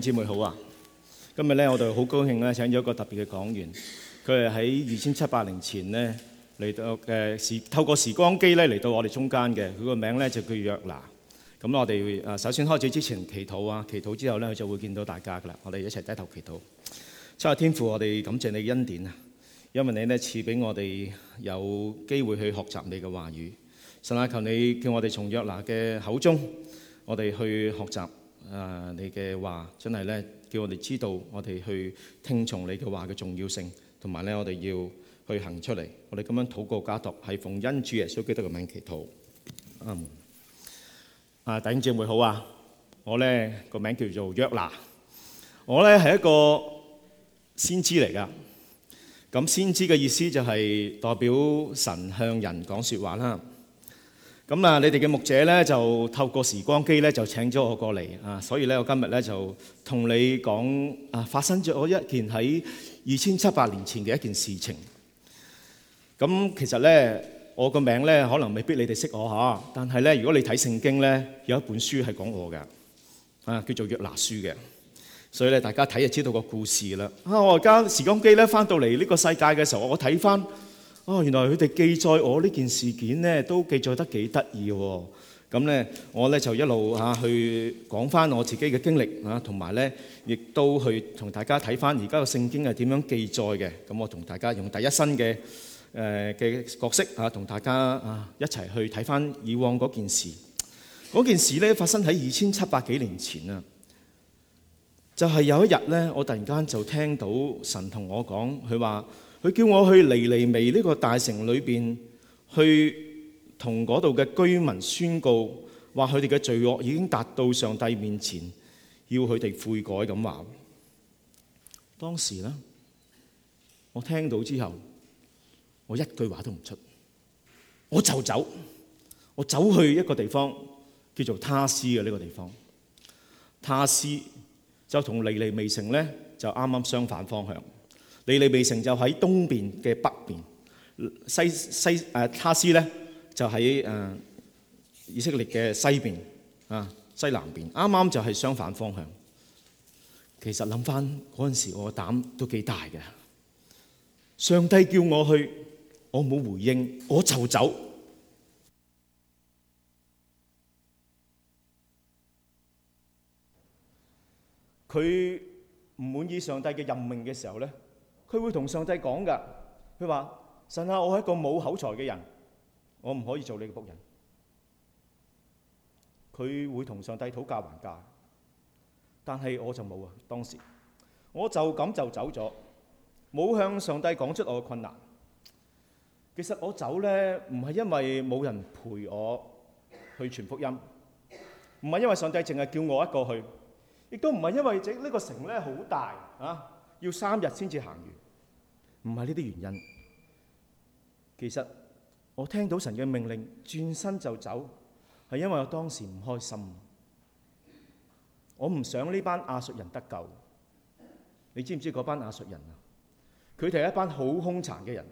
姐妹好啊！今日咧，我哋好高興咧，請咗一個特別嘅講員，佢係喺二千七百年前咧嚟到誒、呃、時，透過時光機咧嚟到我哋中間嘅。佢個名咧就叫約拿。咁我哋誒、啊，首先開始之前祈禱啊，祈禱之後咧，佢就會見到大家噶啦。我哋一齊低頭祈禱。親愛的天父，我哋感謝你嘅恩典啊，因為你呢，賜俾我哋有機會去學習你嘅話語。神啊，求你叫我哋從約拿嘅口中，我哋去學習。誒、啊、你嘅話真係咧，叫我哋知道我哋去聽從你嘅話嘅重要性，同埋咧我哋要去行出嚟。我哋咁樣禱告家禱，係奉恩主耶穌基督嘅名祈禱。嗯，啊，弟兄姊妹好啊！我咧、這個名叫做約拿，我咧係一個先知嚟噶。咁先知嘅意思就係代表神向人講説話啦。咁啊，你哋嘅牧者咧就透過時光機咧就請咗我過嚟啊，所以咧我今日咧就同你講啊，發生咗一件喺二千七百年前嘅一件事情。咁、啊、其實咧，我個名咧可能未必你哋識我吓、啊，但係咧如果你睇聖經咧，有一本書係講我嘅啊，叫做約拿書嘅，所以咧大家睇就知道個故事啦。啊，我而家時光機咧翻到嚟呢個世界嘅時候，我睇翻。哦，原來佢哋記載我呢件事件呢，都記載得幾得意喎！咁呢，我呢就一路嚇、啊、去講翻我自己嘅經歷嚇，同、啊、埋呢，亦都去同大家睇翻而家嘅聖經係點樣記載嘅。咁我同大家用第一身嘅誒嘅角色嚇，同、啊、大家啊一齊去睇翻以往嗰件事。嗰件事呢，發生喺二千七百幾年前啊，就係、是、有一日呢，我突然間就聽到神同我講，佢話。佢叫我去尼尼微呢個大城裏邊，去同嗰度嘅居民宣告，話佢哋嘅罪惡已經達到上帝面前，要佢哋悔改咁話。當時咧，我聽到之後，我一句話都唔出，我就走，我走去一個地方叫做他施嘅呢個地方。他施就同尼尼微城咧就啱啱相反方向。尼尼微城就喺東邊嘅北邊，西西誒哈斯咧就喺誒以色列嘅西邊啊，西南邊，啱啱就係相反方向。其實諗翻嗰陣時，我個膽都幾大嘅。上帝叫我去，我冇回應，我就走。佢唔滿意上帝嘅任命嘅時候咧，佢會同上帝講㗎，佢話：神啊，我係一個冇口才嘅人，我唔可以做你嘅僕人。佢會同上帝討價還價，但係我就冇啊。當時我就咁就走咗，冇向上帝講出我嘅困難。其實我走咧，唔係因為冇人陪我去傳福音，唔係因為上帝淨係叫我一個去，亦都唔係因為整呢個城咧好大啊，要三日先至行完。唔係呢啲原因，其實我聽到神嘅命令轉身就走，係因為我當時唔開心，我唔想呢班亞述人得救。你知唔知嗰班亞述人啊？佢哋係一班好凶殘嘅人。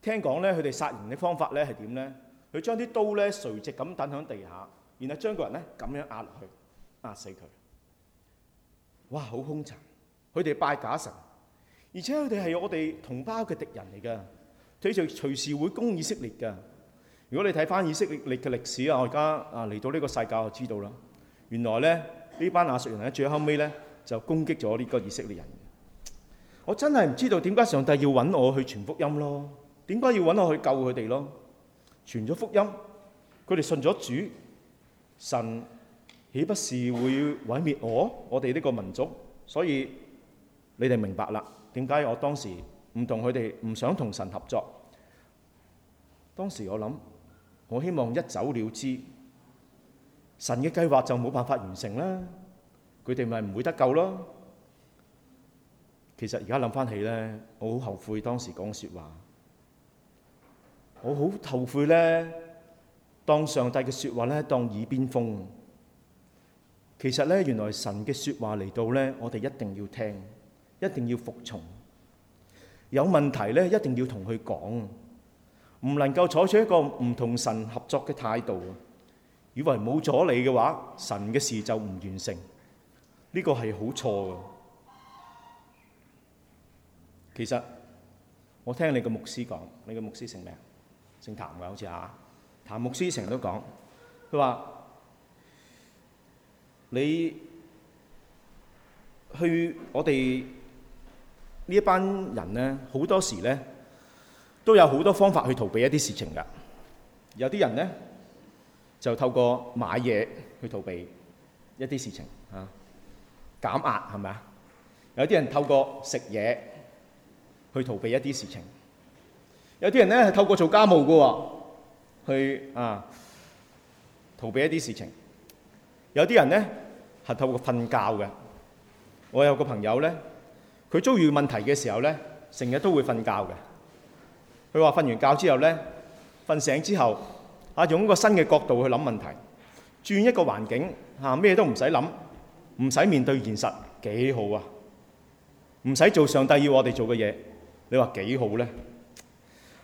聽講咧，佢哋殺人嘅方法咧係點咧？佢將啲刀咧垂直咁抌響地下，然後將個人咧咁樣壓落去，壓死佢。哇，好凶殘！佢哋拜假神。而且佢哋係我哋同胞嘅敵人嚟㗎，佢哋就隨時會攻以色列㗎。如果你睇返以色列嘅歷史啊，我而家啊嚟到呢個世界我知道啦。原來咧呢班亞述人咧，最後尾咧就攻擊咗呢個以色列人。我真係唔知道點解上帝要搵我去傳福音咯？點解要搵我去救佢哋咯？傳咗福音，佢哋信咗主，神豈不是會毀滅我我哋呢個民族？所以你哋明白啦。點解我當時唔同佢哋，唔想同神合作？當時我諗，我希望一走了之，神嘅計劃就冇辦法完成啦，佢哋咪唔會得救咯。其實而家諗翻起咧，我好後悔當時講説話，我好後悔咧當上帝嘅説話咧當耳邊風。其實咧，原來神嘅説話嚟到咧，我哋一定要聽。一定要服從，有問題咧，一定要同佢講，唔能夠採取一個唔同神合作嘅態度。以為冇咗你嘅話，神嘅事就唔完成，呢、這個係好錯嘅。其實我聽你個牧師講，你個牧師姓咩？姓譚嘅好似嚇。譚、啊、牧師成日都講，佢話你去我哋。呢一班人咧，好多時咧都有好多方法去逃避一啲事情㗎。有啲人咧就透過買嘢去逃避一啲事情吓，減壓係咪啊？有啲人透過食嘢去逃避一啲事情。有啲人咧係透過做家務㗎喎，去啊逃避一啲事情。有啲人咧係透過瞓覺嘅。我有個朋友咧。佢遭遇問題嘅時候咧，成日都會瞓覺嘅。佢話瞓完覺之後咧，瞓醒之後啊，用一個新嘅角度去諗問題，轉一個環境啊，咩都唔使諗，唔使面對現實，幾好啊！唔使做上帝要我哋做嘅嘢，你話幾好咧？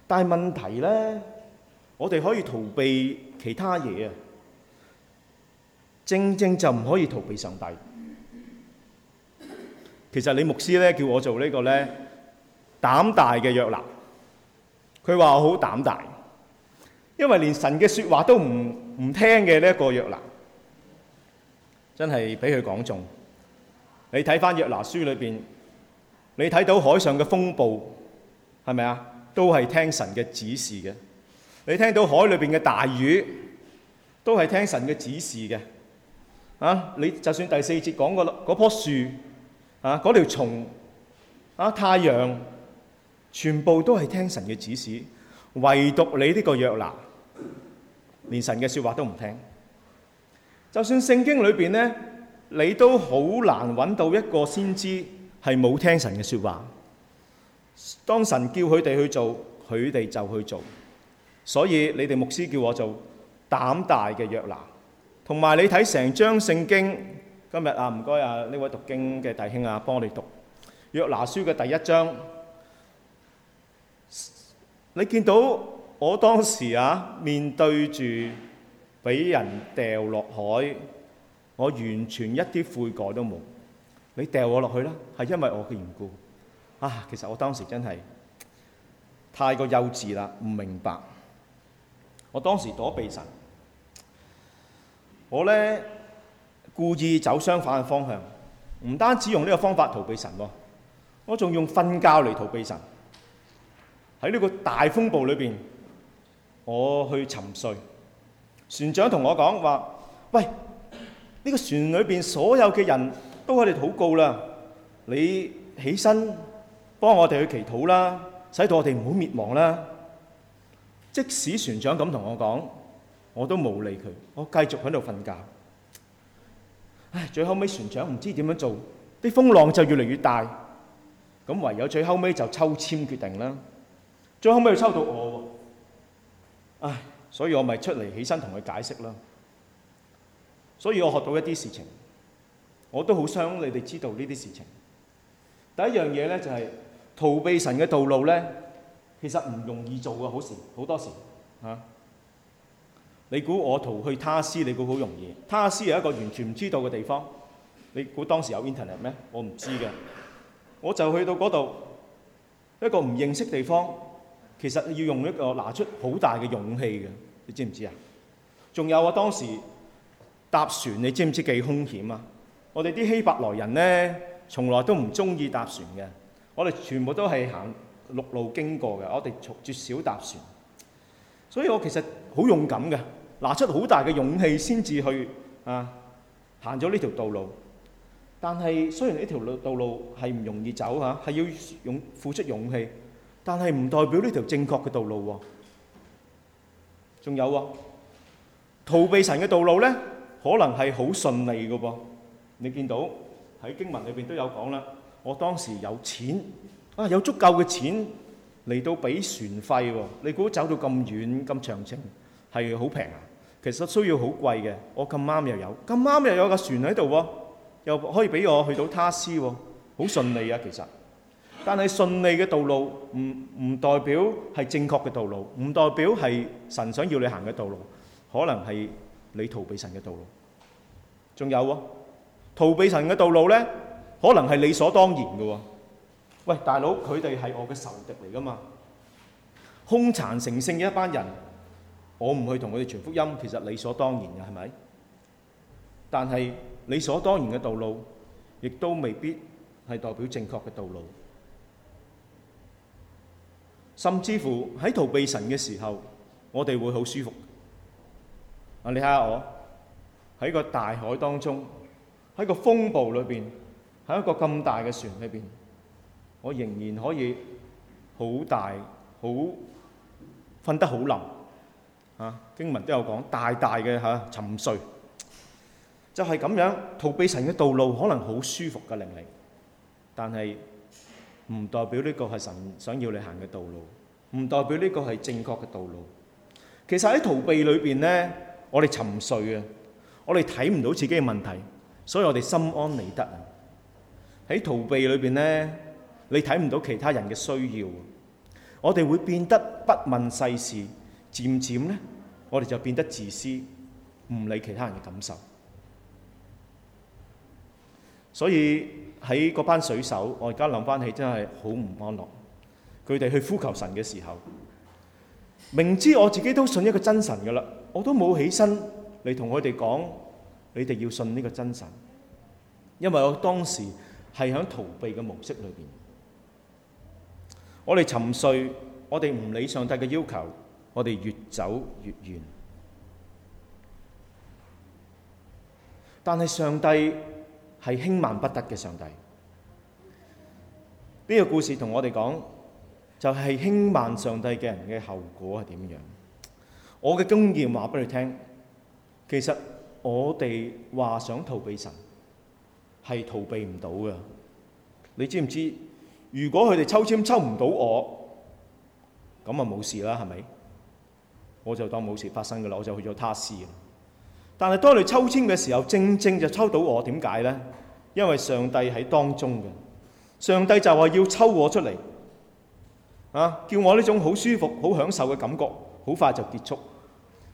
但係問題咧，我哋可以逃避其他嘢啊，正正就唔可以逃避上帝。其實你牧師咧，叫我做個呢個咧膽大嘅約拿，佢話我好膽大，因為連神嘅說話都唔唔聽嘅呢一個約拿，真係俾佢講中。你睇翻約拿書裏邊，你睇到海上嘅風暴係咪啊？都係聽神嘅指示嘅。你聽到海裏邊嘅大魚都係聽神嘅指示嘅。啊，你就算第四節講個嗰棵樹。啊！嗰條蟲，啊，太陽，全部都係聽神嘅指示，唯獨你呢個約拿，連神嘅説話都唔聽。就算聖經裏邊呢，你都好難揾到一個先知係冇聽神嘅説話。當神叫佢哋去做，佢哋就去做。所以你哋牧師叫我做膽大嘅約拿，同埋你睇成張聖經。今日啊，唔該啊，呢位讀經嘅弟兄啊，幫我哋讀《約拿書》嘅第一章。你見到我當時啊，面對住畀人掉落海，我完全一啲悔改都冇。你掉我落去啦，係因為我嘅緣故啊！其實我當時真係太過幼稚啦，唔明白。我當時躲避神，我呢，故意走相反嘅方向，唔單止用呢個方法逃避神喎，我仲用瞓覺嚟逃避神。喺呢個大風暴裏邊，我去沉睡。船長同我講話，喂，呢個船裏邊所有嘅人都喺度禱告啦，你起身幫我哋去祈禱啦，使到我哋唔好滅亡啦。即使船長咁同我講，我都冇理佢，我繼續喺度瞓覺。唉，最後尾船長唔知點樣做，啲風浪就越嚟越大，咁唯有最後尾就抽籤決定啦。最後尾佢抽到我喎，唉，所以我咪出嚟起身同佢解釋啦。所以我學到一啲事情，我都好想你哋知道呢啲事情。第一樣嘢咧就係、是、逃避神嘅道路咧，其實唔容易做嘅，好事，好多時嚇。啊。你估我逃去他斯？你估好容易？他斯係一個完全唔知道嘅地方。你估當時有 Internet 咩？我唔知嘅。我就去到嗰度，一個唔認識地方，其實要用一個拿出好大嘅勇氣嘅。你知唔知啊？仲有啊，當時搭船，你知唔知幾兇險啊？我哋啲希伯來人咧，從來都唔中意搭船嘅。我哋全部都係行陸路經過嘅，我哋從絕少搭船。所以我其實好勇敢嘅。拿出好大嘅勇氣先至去啊，行咗呢條道路。但係雖然呢條路道路係唔容易走吓，係要勇付出勇氣，但係唔代表呢條正確嘅道路喎。仲有啊，逃避神嘅道路咧，可能係好順利嘅噃。你見到喺經文裏邊都有講啦。我當時有錢啊，有足夠嘅錢嚟到俾船費喎。你估走到咁遠咁長程係好平啊？其實需要好貴嘅，我咁啱又有，咁啱又有個船喺度喎，又可以俾我去到他施喎，好順利啊！其實順，但係順利嘅道路唔唔代表係正確嘅道路，唔代表係神想要你行嘅道路，可能係你逃避神嘅道路。仲有喎，逃避神嘅道路咧，可能係理所當然嘅喎。喂，大佬，佢哋係我嘅仇敵嚟噶嘛？兇殘成性嘅一班人。我唔去同佢哋傳福音，其實理所當然嘅，係咪？但係理所當然嘅道路，亦都未必係代表正確嘅道路。甚至乎喺逃避神嘅時候，我哋會好舒服。啊，你睇下我喺個大海當中，喺個風暴裏邊，喺一個咁大嘅船裏邊，我仍然可以好大好瞓得好腍。啊，經文都有講，大大嘅嚇、啊、沉睡，就係、是、咁樣逃避神嘅道路，可能好舒服嘅靈力。但係唔代表呢個係神想要你行嘅道路，唔代表呢個係正確嘅道路。其實喺逃避裏邊呢，我哋沉睡啊，我哋睇唔到自己嘅問題，所以我哋心安理得啊。喺逃避裏邊呢，你睇唔到其他人嘅需要，我哋會變得不問世事。漸漸咧，我哋就變得自私，唔理其他人嘅感受。所以喺嗰班水手，我而家諗返起真係好唔安樂。佢哋去呼求神嘅時候，明知我自己都信一個真神㗎喇，我都冇起身嚟同佢哋講：你哋要信呢個真神。因為我當時係喺逃避嘅模式裏邊，我哋沉睡，我哋唔理上帝嘅要求。我哋越走越遠，但係上帝係輕慢不得嘅上帝。呢、這個故事同我哋講，就係、是、輕慢上帝嘅人嘅後果係點樣？我嘅經驗話俾你聽，其實我哋話想逃避神，係逃避唔到噶。你知唔知？如果佢哋抽簽抽唔到我，咁啊冇事啦，係咪？我就當冇事發生㗎喇，我就去咗他施。但係當佢抽籤嘅時候，正正就抽到我，點解呢？因為上帝喺當中嘅，上帝就話要抽我出嚟，啊，叫我呢種好舒服、好享受嘅感覺，好快就結束。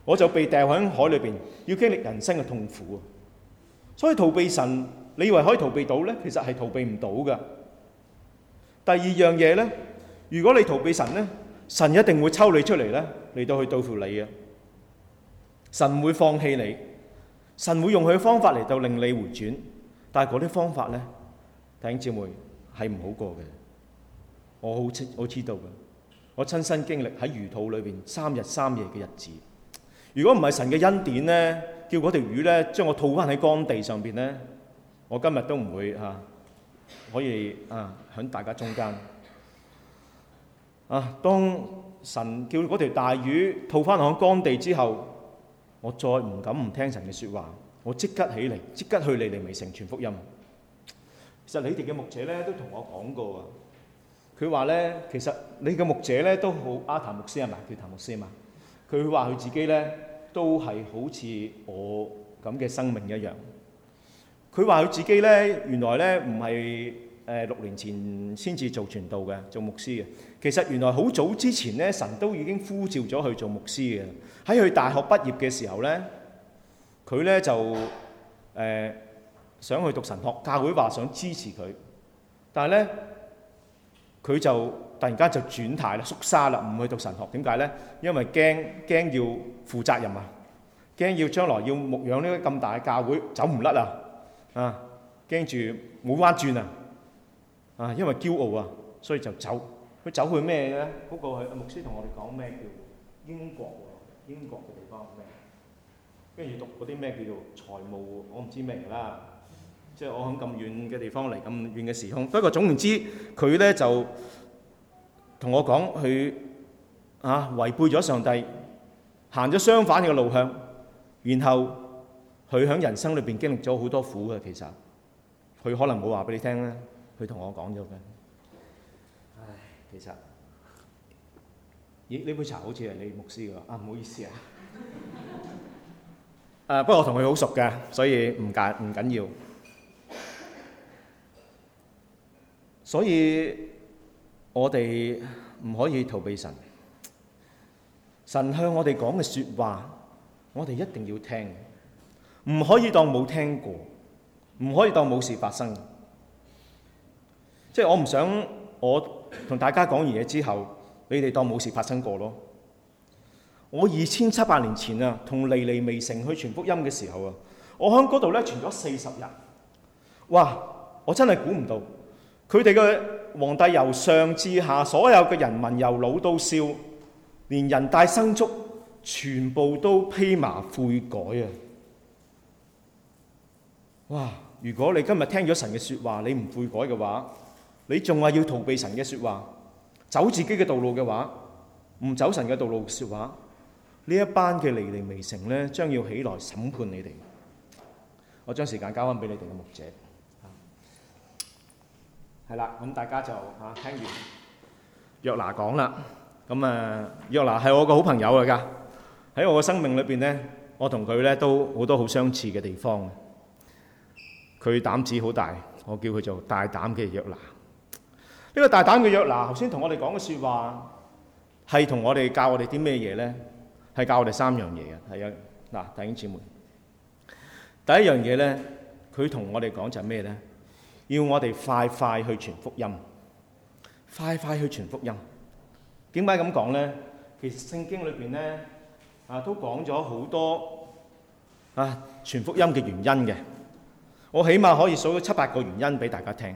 我就被掟喺海裏邊，要經歷人生嘅痛苦啊！所以逃避神，你以為可以逃避到呢？其實係逃避唔到㗎。第二樣嘢呢，如果你逃避神呢，神一定會抽你出嚟咧，嚟到去對付你嘅。神唔會放棄你，神會用佢嘅方法嚟到令你回轉。但係嗰啲方法咧，弟兄姊妹係唔好過嘅。我好我知道嘅，我親身經歷喺魚肚裏邊三日三夜嘅日子。如果唔係神嘅恩典咧，叫嗰條魚咧將我吐翻喺乾地上邊咧，我今日都唔會吓、啊、可以啊喺大家中間。啊！當神叫嗰條大魚吐翻響旱地之後，我再唔敢唔聽神嘅説話，我即刻起嚟，即刻去尼尼微城傳福音。其實你哋嘅牧者咧都同我講過啊，佢話咧其實你嘅牧者咧都好阿譚牧師係咪？叫譚牧師啊嘛，佢話佢自己咧都係好似我咁嘅生命一樣。佢話佢自己咧原來咧唔係。誒六年前先至做傳道嘅，做牧師嘅。其實原來好早之前咧，神都已經呼召咗去做牧師嘅。喺佢大學畢業嘅時候咧，佢咧就誒想去讀神學，教會話想支持佢，但係咧佢就突然間就轉態啦，縮沙啦，唔去讀神學。點解咧？因為驚驚要負責任啊，驚要將來要牧養呢咁大嘅教會，走唔甩啊！啊，驚住冇彎轉啊！啊，因為驕傲啊，所以就走。佢走去咩咧？嗰、那個係牧師同我哋講咩？叫英國、啊，英國嘅地方咩？跟住讀嗰啲咩叫做財務、啊，我唔知咩嚟啦。即係我響咁遠嘅地方嚟，咁遠嘅時空。不過總言之，佢咧就同我講佢啊違背咗上帝，行咗相反嘅路向。然後佢響人生裏邊經歷咗好多苦嘅、啊，其實佢可能冇話俾你聽咧。佢同我講咗嘅。唉，其實咦？呢杯茶好似係你牧師㗎啊！唔好意思啊。誒、 啊，不過我同佢好熟嘅，所以唔緊唔緊要。所以我哋唔可以逃避神。神向我哋講嘅説話，我哋一定要聽，唔可以當冇聽過，唔可以當冇事發生。即係我唔想我同大家講完嘢之後，你哋當冇事發生過咯。我二千七百年前啊，同尼尼微城去傳福音嘅時候啊，我喺嗰度咧傳咗四十日。哇！我真係估唔到，佢哋嘅皇帝由上至下，所有嘅人民由老到少，連人大牲畜全部都披麻悔改啊！哇！如果你今日聽咗神嘅説話，你唔悔改嘅話，你仲話要逃避神嘅説話，走自己嘅道路嘅話，唔走神嘅道路説話，呢一班嘅尼尼微城咧，將要起來審判你哋。我將時間交翻俾你哋嘅牧者，係啦，咁大家就啊聽完約拿講啦。咁啊，約拿係我個好朋友嚟㗎。喺我嘅生命裏邊咧，我同佢咧都好多好相似嘅地方。佢膽子好大，我叫佢做大膽嘅約拿。呢個大膽嘅約拿，頭先同我哋講嘅説話，係同我哋教我哋啲咩嘢咧？係教我哋三樣嘢嘅，係啊嗱弟兄姊妹，第一樣嘢咧，佢同我哋講就係咩咧？要我哋快快去傳福音，快快去傳福音。點解咁講咧？其實聖經裏邊咧啊都講咗好多啊傳福音嘅原因嘅。我起碼可以數咗七八個原因俾大家聽。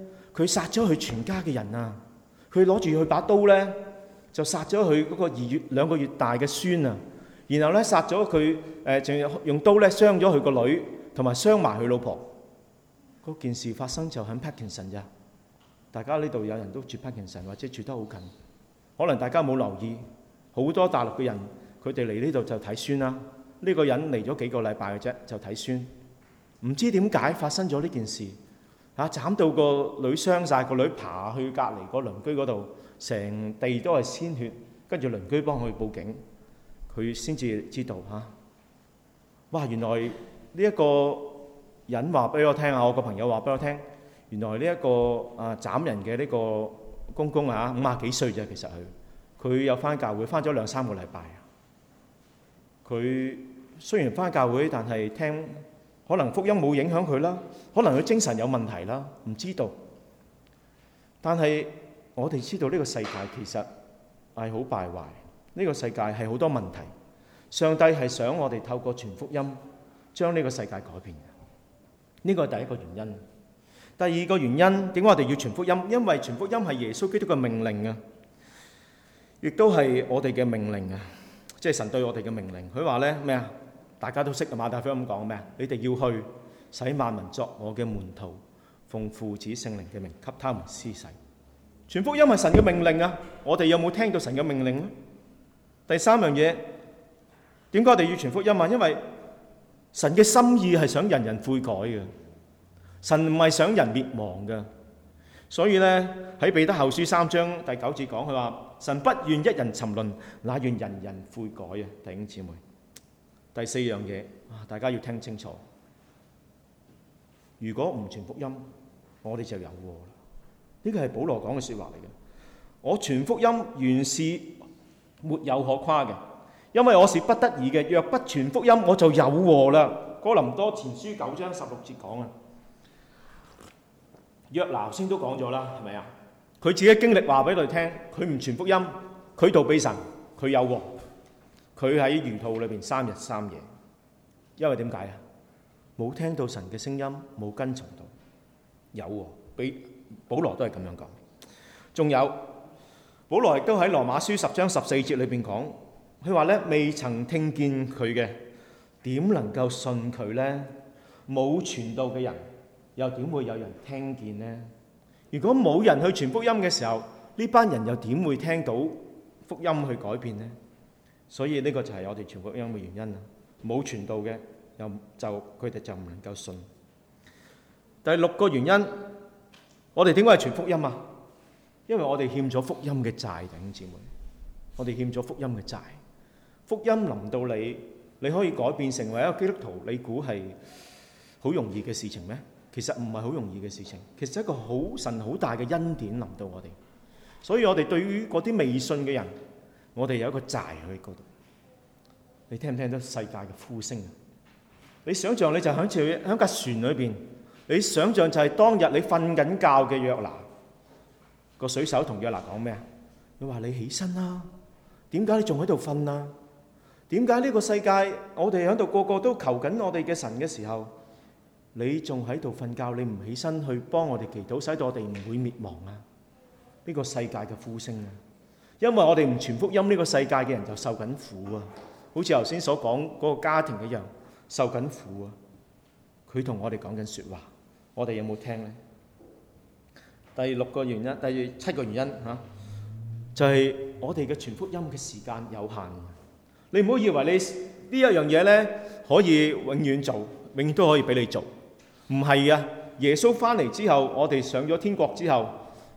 佢殺咗佢全家嘅人啊！佢攞住佢把刀咧，就殺咗佢嗰個二月兩個月大嘅孫啊！然後咧殺咗佢誒，仲、呃、用刀咧傷咗佢個女，同埋傷埋佢老婆。嗰件事發生就喺 Parkinson 神咋，大家呢度有人都住 Parkinson 或者住得好近，可能大家冇留意。好多大陸嘅人，佢哋嚟呢度就睇孫啦。呢、呢個人嚟咗幾個禮拜嘅啫，就睇孫。唔知點解發生咗呢件事。嚇、啊、斬到個女傷晒，個女爬去隔離個鄰居嗰度，成地都係鮮血。跟住鄰居幫佢報警，佢先至知道嚇、啊。哇！原來呢一個人話俾我聽啊，我個朋友話俾我聽，原來呢、呢、一個啊斬人嘅呢個公公啊，五啊幾歲啫，其實佢佢有翻教會，翻咗兩三個禮拜。佢雖然翻教會，但係聽。可能福音冇影響佢啦，可能佢精神有問題啦，唔知道。但係我哋知道呢個世界其實係好敗壞，呢個世界係好多問題。上帝係想我哋透過傳福音將呢個世界改變嘅，呢個係第一個原因。第二個原因點解我哋要傳福音？因為傳福音係耶穌基督嘅命令啊，亦都係我哋嘅命令啊，即係神對我哋嘅命令。佢話呢咩啊？大家都識啊，馬太福音咁講咩？你哋要去使萬民作我嘅門徒，奉父子聖靈嘅名給他們施洗。傳福音係神嘅命令啊！我哋有冇聽到神嘅命令咧？第三樣嘢點解我哋要傳福音啊？因為神嘅心意係想人人悔改嘅，神唔係想人滅亡嘅。所以咧，喺彼得後書三章第九節講佢話：神不願一人沉淪，那願人人悔改啊！弟兄姊妹。第四樣嘢啊，大家要聽清楚。如果唔傳福音，我哋就有禍啦。呢個係保羅講嘅説話嚟嘅。我傳福音原是沒有可誇嘅，因為我是不得已嘅。若不傳福音，我就有禍啦。哥林多前書九章十六節講啊。約拿頭先都講咗啦，係咪啊？佢自己經歷話俾佢聽，佢唔傳福音，佢逃避神，佢有禍。佢喺魚肚裏邊三日三夜，因為點解啊？冇聽到神嘅聲音，冇跟從到。有，俾保羅都係咁樣講。仲有，保羅亦都喺羅馬書十章十四節裏邊講，佢話咧，未曾聽見佢嘅，點能夠信佢呢？冇傳道嘅人，又點會有人聽見呢？如果冇人去傳福音嘅時候，呢班人又點會聽到福音去改變呢？所以呢個就係我哋傳福音嘅原因啦。冇傳道嘅，又就佢哋就唔能夠信。第六個原因，我哋點解係傳福音啊？因為我哋欠咗福音嘅債，弟兄姊妹，我哋欠咗福音嘅債。福音臨到你，你可以改變成為一個基督徒，你估係好容易嘅事情咩？其實唔係好容易嘅事情，其實係一個好神好大嘅恩典臨到我哋。所以我哋對於嗰啲未信嘅人。我哋有一個寨喺嗰度，你聽唔聽到世界嘅呼聲啊？你想象你就喺住喺架船裏邊，你想象就係當日你瞓緊覺嘅約拿，個水手同約拿講咩啊？佢話你起身啦，點解你仲喺度瞓啊？點解呢個世界我哋喺度個個都求緊我哋嘅神嘅時候，你仲喺度瞓覺，你唔起身去幫我哋祈禱，使到我哋唔會滅亡啊？呢個世界嘅呼聲啊！因為我哋唔傳福音，呢個世界嘅人就受緊苦啊！好似頭先所講嗰個家庭一樣，受緊苦啊！佢同我哋講緊説話，我哋有冇聽呢？第六個原因，第二七個原因嚇，就係我哋嘅傳福音嘅時間有限。你唔好以為你呢一樣嘢呢可以永遠做，永遠都可以俾你做，唔係啊！耶穌翻嚟之後，我哋上咗天國之後，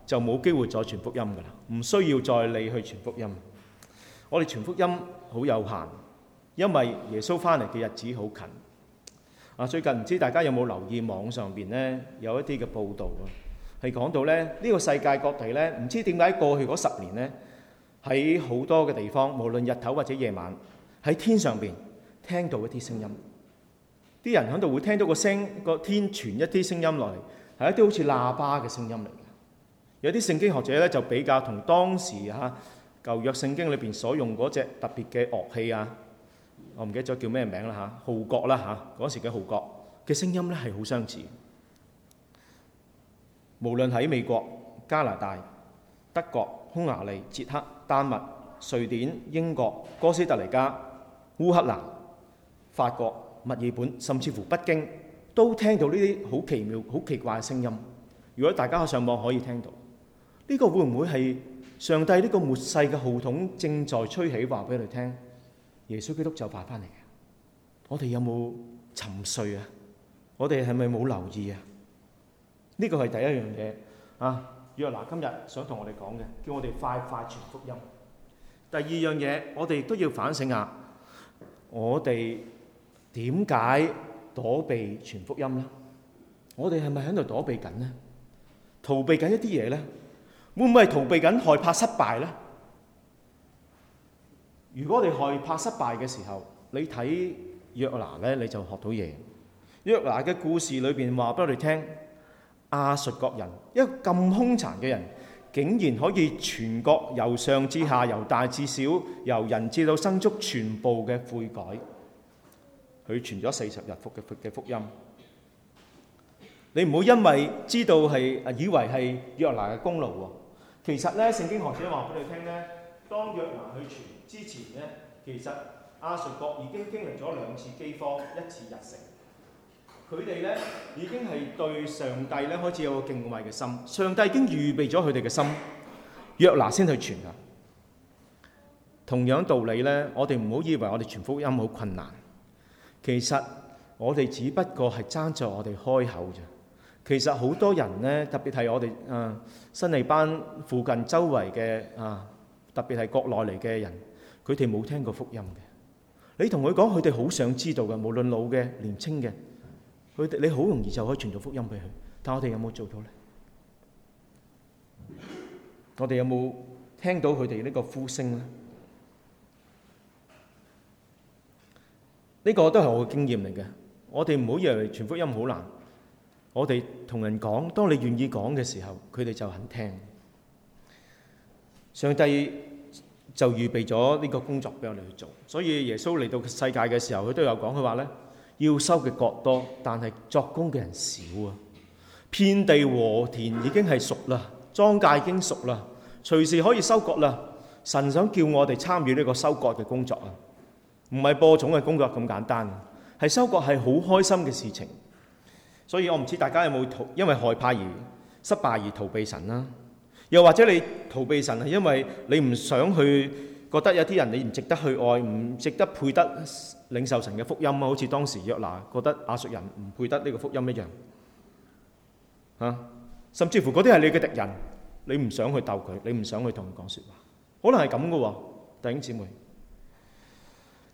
就冇機會再傳福音㗎啦，唔需要再你去傳福音。我哋傳福音好有限，因為耶穌翻嚟嘅日子好近。啊，最近唔知大家有冇留意網上邊呢有一啲嘅報導啊，係講到咧呢個世界各地呢，唔知點解過去嗰十年呢，喺好多嘅地方，無論日頭或者夜晚喺天上邊聽到一啲聲音，啲人喺度會聽到個聲，個天傳一啲聲音落嚟，係一啲好似喇叭嘅聲音嚟。有啲聖經學者咧就比較同當時嚇舊約聖經裏邊所用嗰隻特別嘅樂器啊，我唔記得咗叫咩名啦嚇，號角啦嚇，嗰時嘅號角嘅聲音咧係好相似。無論喺美國、加拿大、德國、匈牙利、捷克、丹麥、瑞典、英國、哥斯達黎加、烏克蘭、法國、墨爾本，甚至乎北京，都聽到呢啲好奇妙、好奇怪嘅聲音。如果大家上網可以聽到。呢個會唔會係上帝呢個末世嘅號筒正在吹起？話俾你聽，耶穌基督就快翻嚟嘅。我哋有冇沉睡啊？我哋係咪冇留意啊？呢個係第一樣嘢啊。約拿今日想同我哋講嘅，叫我哋快快傳福音。第二樣嘢，我哋都要反省下，我哋點解躲避傳福音咧？我哋係咪喺度躲避緊咧？逃避緊一啲嘢咧？會唔會係逃避緊、害怕失敗咧？如果你害怕失敗嘅時候，你睇約拿咧，你就學到嘢。約拿嘅故事裏邊話俾我哋聽，亞述國人一個咁兇殘嘅人，竟然可以全國由上至下、由大至小、由人至到牲畜全部嘅悔改。佢傳咗四十日福嘅嘅福音。你唔好因為知道係啊，以為係約拿嘅功勞喎。其實咧，聖經學者話俾你聽咧，當約拿去傳之前咧，其實亞述國已經經歷咗兩次饑荒，一次日食，佢哋咧已經係對上帝咧開始有個敬畏嘅心，上帝已經預備咗佢哋嘅心，約拿先去傳㗎。同樣道理咧，我哋唔好以為我哋傳福音好困難，其實我哋只不過係爭在我哋開口啫。其實好多人咧，特別係我哋啊新嚟班附近周圍嘅啊，特別係國內嚟嘅人，佢哋冇聽過福音嘅。你同佢講，佢哋好想知道嘅，無論老嘅、年輕嘅，佢哋你好容易就可以傳到福音俾佢。但係我哋有冇做到咧？我哋有冇聽到佢哋呢個呼聲咧？呢個都係我嘅經驗嚟嘅。我哋唔好以為傳福音好難。我哋同人講，當你願意講嘅時候，佢哋就肯聽。上帝就預備咗呢個工作俾我哋去做。所以耶穌嚟到世界嘅時候，佢都有講，佢話呢：要收嘅穀多，但係作工嘅人少啊。遍地禾田已經係熟啦，莊稼已經熟啦，隨時可以收割啦。神想叫我哋參與呢個收割嘅工作啊，唔係播種嘅工作咁簡單，係收割係好開心嘅事情。所以我唔知大家有冇逃，因為害怕而失敗而逃避神啦、啊，又或者你逃避神係因為你唔想去，覺得有啲人你唔值得去愛，唔值得配得領受神嘅福音啊，好似當時約拿覺得亞述人唔配得呢個福音一樣嚇、啊，甚至乎嗰啲係你嘅敵人，你唔想去鬥佢，你唔想去同佢講説話，可能係咁嘅喎，弟兄姊妹，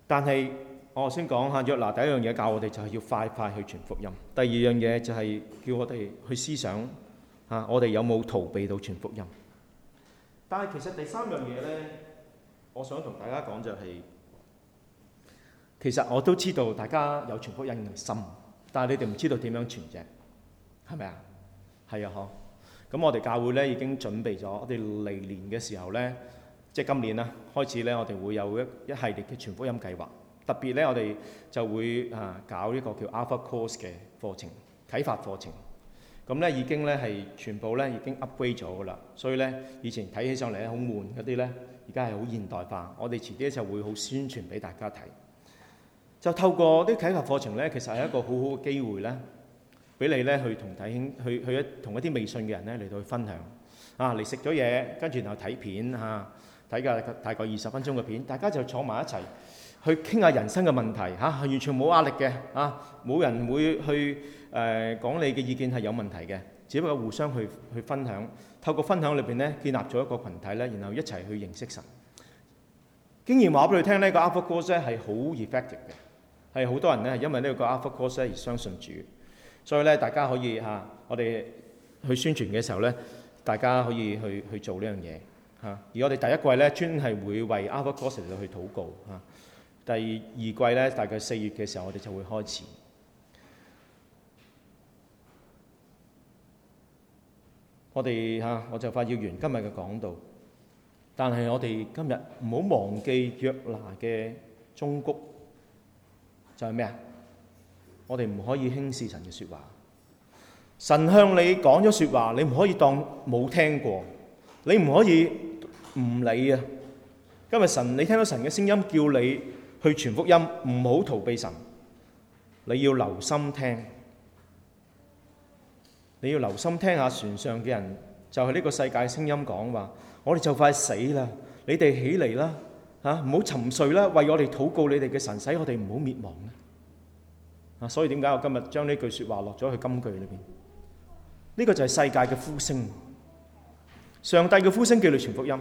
但係。我先講吓約拿，第一樣嘢教我哋就係要快快去傳福音。第二樣嘢就係叫我哋去思想吓，我哋有冇逃避到傳福音？但係其實第三樣嘢咧，我想同大家講就係，其實我都知道大家有傳福音嘅心，但係你哋唔知道點樣傳啫，係咪啊？係啊，嗬。咁我哋教會咧已經準備咗，我哋嚟年嘅時候咧，即係今年啦，開始咧，我哋會有一一系列嘅傳福音計劃。特別咧，我哋就會啊搞呢個叫 Alpha Course 嘅課程啟發課程。咁咧已經咧係全部咧已經 upgrade 咗㗎啦。所以咧以前睇起上嚟咧好悶嗰啲咧，而家係好現代化。我哋遲啲就會好宣傳俾大家睇。就透過啲啟發課程咧，其實係一個好好嘅機會咧，俾你咧去同睇兄去去一同一啲未信嘅人咧嚟到去分享。啊，你食咗嘢，跟住然後睇片嚇，睇、啊、個大概二十分鐘嘅片，大家就坐埋一齊。去傾下人生嘅問題嚇，完全冇壓力嘅啊！冇人會去誒講你嘅意見係有問題嘅，只不過互相去去分享。透過分享裏邊咧，建立咗一個羣體咧，然後一齊去認識神。經驗話俾你聽呢個 Alpha Course 咧係好 effective 嘅，係好多人咧係因為呢個 Alpha Course 咧而相信主。所以咧，大家可以嚇我哋去宣傳嘅時候咧，大家可以去去做呢樣嘢嚇。而我哋第一季咧專係會為 Alpha Course 嚟去禱告嚇。第二季咧，大概四月嘅時候，我哋就會開始。我哋嚇，我就快要完今日嘅講道。但係我哋今日唔好忘記約拿嘅忠告，就係咩啊？我哋唔可以輕視神嘅説話。神向你講咗説話，你唔可以當冇聽過，你唔可以唔理啊！今日神，你聽到神嘅聲音叫你。去傳福音，唔好逃避神。你要留心聽，你要留心聽下船上嘅人，就係呢個世界聲音講話，我哋就快死啦！你哋起嚟啦，吓，唔好沉睡啦，為我哋禱告，你哋嘅神使我哋唔好滅亡啦。啊，所以點解我今日將呢句說話落咗去金句裏邊？呢個就係世界嘅呼聲，上帝嘅呼聲叫你傳福音，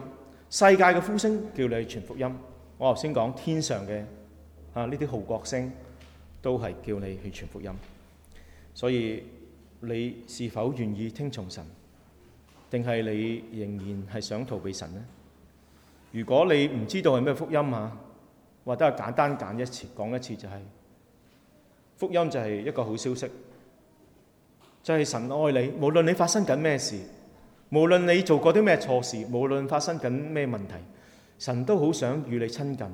世界嘅呼聲叫你傳福音。我頭先講天上嘅啊，呢啲號角聲都係叫你去傳福音，所以你是否願意聽從神，定係你仍然係想逃避神呢？如果你唔知道係咩福音嚇、啊，或者係簡單講一次，講一次就係、是、福音就係一個好消息，就係、是、神愛你，無論你發生緊咩事，無論你做過啲咩錯事，無論發生緊咩問題。神都好想與你親近，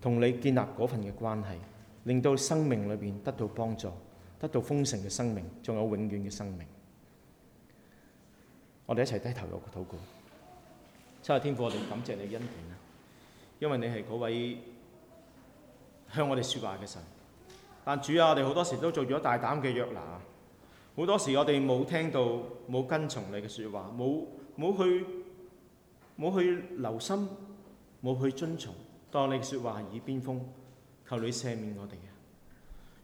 同你建立嗰份嘅關係，令到生命裏邊得到幫助，得到豐盛嘅生命，仲有永遠嘅生命。我哋一齊低頭有個禱告。七日天父，我哋感謝你恩典啊！因為你係嗰位向我哋説話嘅神。但主啊，我哋好多時都做咗大膽嘅約拿，好多時我哋冇聽到，冇跟從你嘅説話，冇冇去冇去留心。冇去遵從，當你嘅説話係耳邊風，求你赦免我哋啊！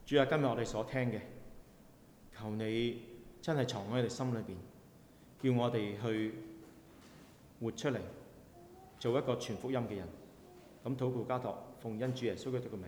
主啊，今日我哋所聽嘅，求你真係藏喺我哋心裏邊，叫我哋去活出嚟，做一個全福音嘅人。咁禱告交託，奉恩主耶穌基督嘅名